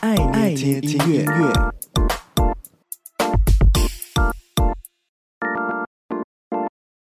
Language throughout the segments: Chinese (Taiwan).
愛捏聽音樂。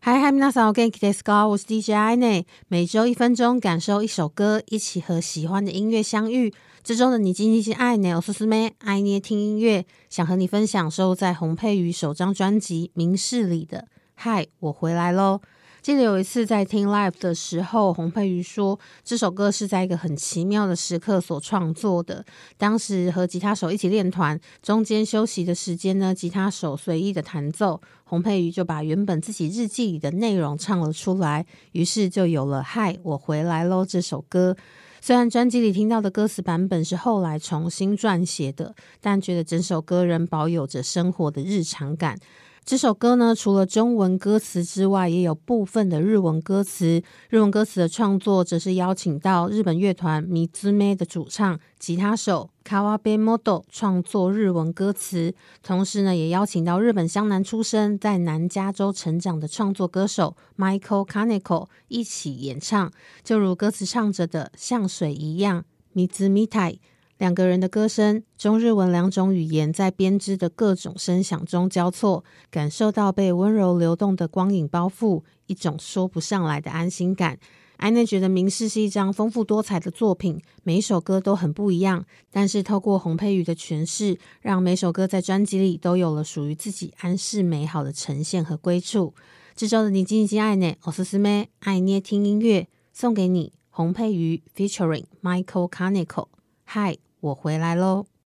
嗨嗨，晚上好，各位，今天是歌手，我是 DJ 阿內。每周一分鐘，感受一首歌，一起和喜歡的音樂相遇。這周的你，今天是愛捏，我是思梅，愛捏聽音樂，想和你分享收在洪佩瑜首張專輯《明事理》裡的。嗨，我回來嘍。記得有一次在聽 live 的時候，洪佩瑜說這首歌是在一個很奇妙的時刻所創作的。當時和吉他手一起練團，中間休息的時間呢，吉他手隨意的彈奏，洪佩瑜就把原本自己日記裡的內容唱了出來，於是就有了《嗨，我回來囉》這首歌。雖然專輯裡聽到的歌詞版本是後來重新撰寫的，但覺得整首歌仍保有着生活的日常感。這首歌呢，除了中文歌詞之外，也有部分的日文歌詞。日文歌詞的創作則是邀請到日本樂團ミツメ的主唱、吉他手 Kawabe Moto 創作日文歌詞，同時呢，也邀請到日本湘南出生、在南加州成長的創作歌手 Michael Kaneko 一起演唱。就如歌詞唱着的，像水一樣，水みたい。兩個人的歌聲，中日文兩種語言在編織的各種聲響中交錯，感受到被溫柔流動的光影包覆，一種說不上來的安心感。愛捏覺得《明室》是一張豐富多彩的作品，每一首歌都很不一樣。但是透過洪佩瑜的詮釋，讓每首歌在專輯裡都有了屬於自己安適美好的呈現和歸處。這周的 nichi nichi aiine，我是思妹，愛捏聽音樂，送給你洪佩瑜 featuring Michael Kaneko。嗨，我回來嘍。